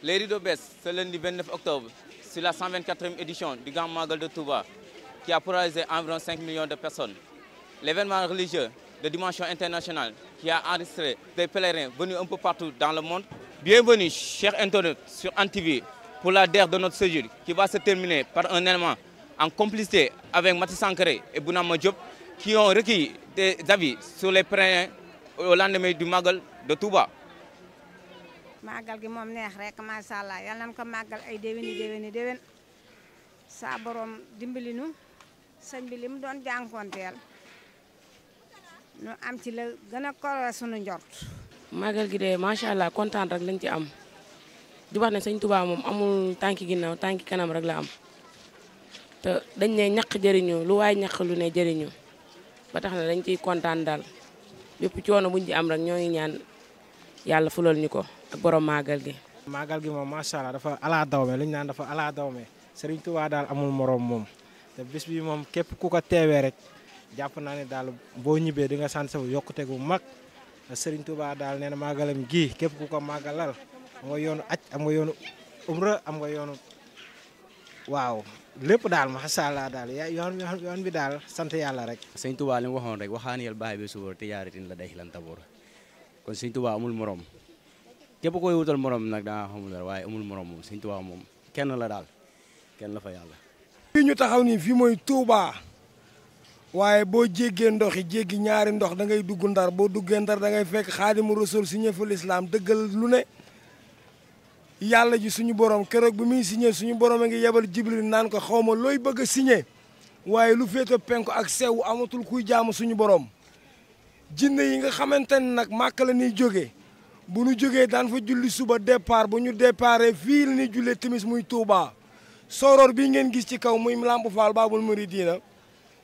Les rideaux baissent ce lundi 29 octobre sur la 124e édition du Grand Magal de Touba qui a polarisé environ 5 millions de personnes. L'événement religieux de dimension internationale qui a enregistré des pèlerins venus un peu partout dans le monde. Bienvenue, chers internautes, sur ANTV pour la dernière de notre séjour qui va se terminer par un élément en complicité avec Mathis Sankaré et Bounama Diop qui ont requis des avis sur les pèlerins au lendemain du Magal de Touba. màggal gi moom neex rek macha allah yal nañu ko màggal ay déwéni déwéni déwén saa boroom dimbali nu sëñ bi li mu doon jànkoonteel nu am ci la gën a koree sunu njort. màggal gi de macha allah kontaan rek lañ ci am di wax ne sëñ Tuubaa moom amul tànki ginnaaw tànki kanam rek la am te dañ ne ñaq jëriñu lu waaye ñaq lu ne jariñu ba tax na dañ ciy kontaan daal bépp coono buñ ci am rek ñoo ngi ñaan yàlla fulal ñu ko. borom màggal gi. màggal gi moom macha allah dafa ala dawme ñu naan dafa ala dawme Serigne Touba daal amul moroom moom te bis bi moom képp ku ko teewee rek jàpp naa ne daal boo ñibbee di nga sant sa yokkute gu mag Serigne tubaa daal nee na màggalam gii képp ku ko màggalal am nga yoonu aj am nga yoonu umra am nga yoonu waaw lépp daal macha allah daal yoon yoon bi daal sant yàlla rek. Sëñ Touba li mu waxoon rek waxaan yàlla bàyyi bi suba te yaaritin la day lan te bu koy wutal moroom nag daa xamul dara waaye amul morom moom Sëñ Tuubaa moom kenn la daal kenn la fa ñu taxaw nii fii mooy Touba waaye boo jéggee ndox yi jéggi ñaari ndox da ngay dugg ndar boo duggee ndar da ngay fekk xaadimu rasul signé fa lislaam dëggal lu ne. yàlla ji suñu borom keroog bi muy siñe suñu borom a ngi yebal jibril naan ko xawma looy bëgg siñe waaye lu féete penku ak sew amatul kuy jaamu suñu boroom jinne yi nga xamante ne nag màkk la jóge bu nu jógee daan fa julli suba départ bu ñu déparé fii la ñuy jullee timis muy Touba soroor bii ngeen gis ci kaw muy baa Lamp Fall Baabul Muridiina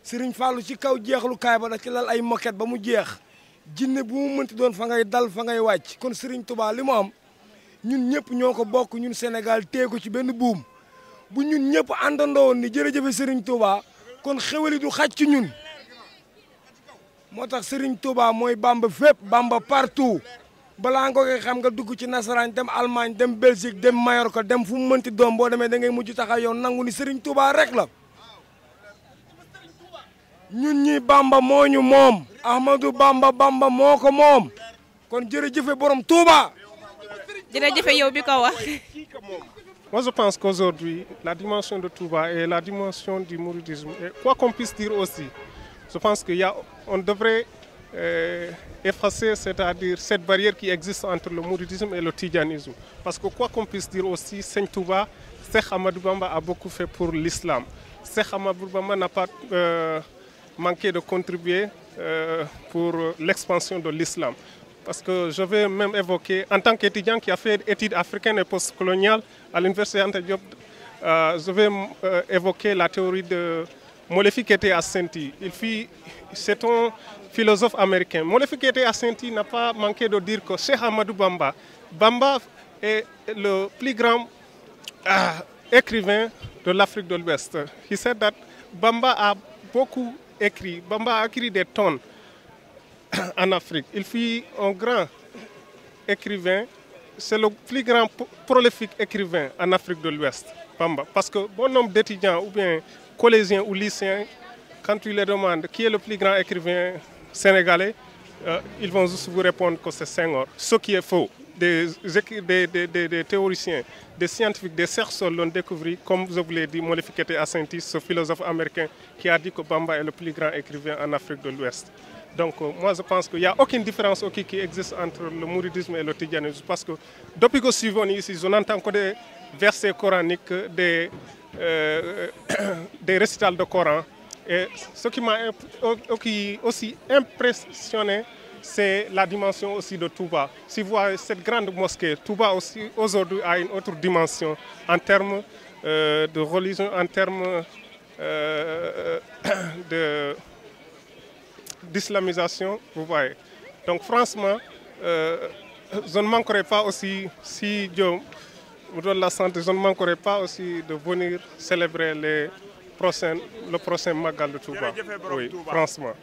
Sëriñ Fallu ci kaw jeexlukaay ba da ci lal ay moquette ba mu jeex jinne bu mu mënti doon fa ngay dal fa ngay wàcc kon Sëriñ Touba li mu am ñun ñëpp ñoo ko bokk ñun Sénégal téeku ci benn buum bu ñun ñëpp àndandoo woon ni jërëjëfe Sëriñ Touba kon xewali du xaj ci ñun moo tax Sëriñ Touba mooy Bamba fépp Bamba partout balaa nga koy xam nga dugg ci nasaraan dem Allemagne dem Belgique dem Mallorca dem fu mu mënti doom boo demee da ngay mujj taxaw yow nangu Serigne Touba rek la ñun ñi Bamba moo mom moom Bamba Bamba moko mom moom kon jërëjëfe borom Touba. jërëjëfe yow bi ko wax. Moi, je pense qu'aujourd'hui, la dimension de Touba et la dimension du mouridisme, et quoi qu'on puisse dire aussi, je pense qu'on devrait effacer, euh, c'est-à-dire cette barrière qui existe entre le mouridisme et le tidianisme Parce que quoi qu'on puisse dire aussi, Seigne Touba, Cheikh Bamba a beaucoup fait pour l'islam. Cheikh Hamadou Bamba n'a pas euh, manqué de contribuer euh, pour l'expansion de l'islam. Parce que je vais même évoquer, en tant qu'étudiant qui a fait études africaines et postcoloniales à l'université Anta Diop, je vais évoquer la théorie de il fit c'est un philosophe américain. était assenti n'a pas manqué de dire que Cheikh Hamadou Bamba, Bamba est le plus grand ah, écrivain de l'Afrique de l'Ouest. Il said that Bamba a beaucoup écrit, Bamba a écrit des tonnes en Afrique. Il fut un grand écrivain c'est le plus grand prolifique écrivain en Afrique de l'Ouest, Bamba. Parce que bon nombre d'étudiants ou bien collégiens ou lycéens, quand tu les demandes qui est le plus grand écrivain sénégalais, euh, ils vont juste vous répondre que c'est Senghor. Ce qui est faux. Des, théoriciens, des scientifiques, des chercheurs l'ont découvert, comme vous l'ai dit, Molifikete ce philosophe américain qui a dit que Bamba est le plus grand écrivain en Afrique de l'Ouest. Donc euh, moi je pense qu'il n'y a aucune différence qui existe entre le mouridisme et le tidjanisme parce que depuis que je suis venu ici, je n'entends que des versets coraniques, des, euh, des récitals de Coran. Et ce qui m'a aussi impressionné, c'est la dimension aussi de Touba. Si vous voyez cette grande mosquée, Touba aussi aujourd'hui a une autre dimension en termes euh, de religion, en termes euh, de d'islamisation, vous voyez. Donc franchement, euh, je ne manquerai pas aussi, si Dieu me donne la santé, je ne manquerai pas aussi de venir célébrer les prochains, le prochain Magal de Touba. Oui, franchement.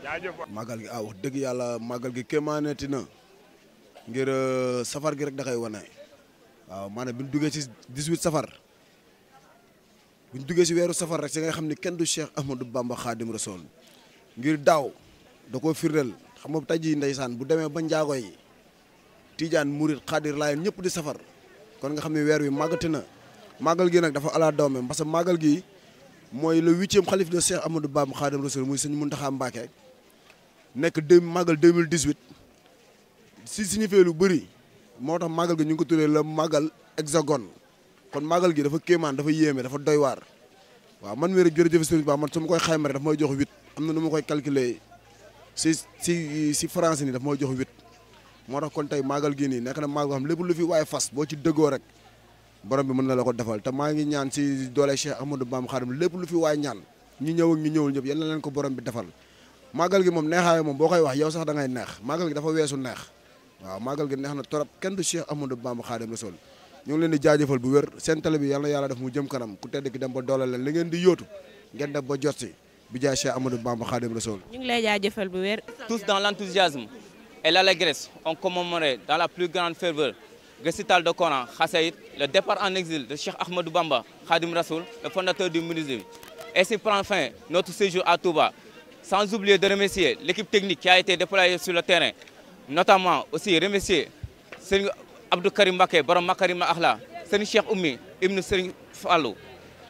Magal gi ah wax la Magal gi kéemaaneeti ngir euh, safar gi rek da koy wone waaw mané bi duggé ci 18 safar bu duggé ci wéru safar rek ci nga xamni kenn du Cheikh Ahmadou Bamba Khadim Rasoul ngir daw da koo firndeel xam nga tey jii ndeysaan bu demee ba njaago yi tijaan murit xaadir laayeen ñëpp di safar kon nga xam ne weer wi màggati na màggal gi nag dafa ala doome parce que màggal gi mooy le huitième xalif de Cheikh Amadou Bamba Khadim Rasoul muy sëñ Mountakha Mbacké nekk deux màggal 2018 si signifie lu bëri moo tax màggal gi ñu ngi ko tuddee la màggal hexagone kon màggal gi dafa kéemaan dafa yéeme dafa doy waar waaw man mii rek jërëjëf sëriñ Ba man su ma xayma rek dafa may jox huit am na nu ma koy calculer si si si France ni daf mooy jox huit moo tax kon tey maagal gi nii nekk ne maagal xam lépp lu fi waaye fas boo ci dëggoo rek borom bi mën na la ko defal te maa ngi ñaan si doole Cheikh Ahmadou Bamba Xaadim lépp lu fi waay ñaan ñi ñëw ak ñi ñëwul ñëpp yal na leen ko borom bi defal maagal gi moom neexaayo moom boo koy wax yow sax dangay ngay neex maagal gi dafa weesu neex waaw maagal gi neex na trop kenn du Cheikh Ahmadou Bamba Xaadim Rasul ñu leen di jaajëfal bu wér seen télé bi yal yàlla def mu jëm kanam ku tedd ki dem ba doole leen li ngeen di yóotu ngeen def ba jot si Bamba Khadim tous dans l'enthousiasme et l'allégresse ont commémoré dans la plus grande ferveur récital de Coran le départ en exil de Cheikh Ahmadou Bamba Khadim Rassoul le fondateur du Et c'est prend fin notre séjour à Touba sans oublier de remercier l'équipe technique qui a été déployée sur le terrain notamment aussi remercier Serigne Abdou Karim Mbacké borom Makarima Ahla, Serigne Cheikh Oumi, Ibn Serigne Fallou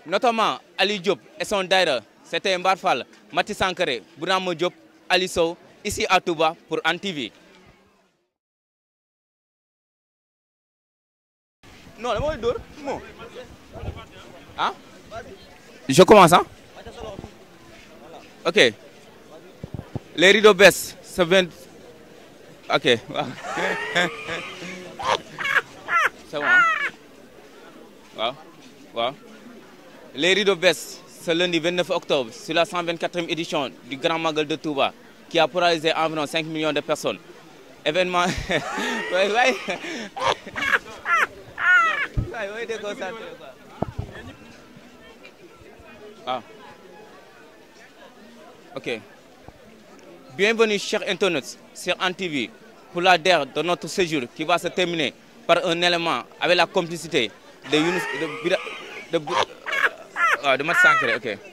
notamment Ali Diop et son daïra c'était Mbar Fall, Mathis Sankaré, Bourama Diop, Aliso, ici à Touba pour ANTV. Non, le dor. Hein? Je commence, hein? Ok. Les rideaux baissent. Ça vient. Ok. C'est bon, hein? Wow. Wow. Les rideaux baissent. C'est lundi 29 octobre, sur la 124e édition du Grand Magal de Touba, qui a paralysé environ 5 millions de personnes. Événement. ah. Ok. Bienvenue, chers internautes, sur ANTV, pour la DER de notre séjour qui va se terminer par un élément avec la complicité de, waaw du mat 100 ok.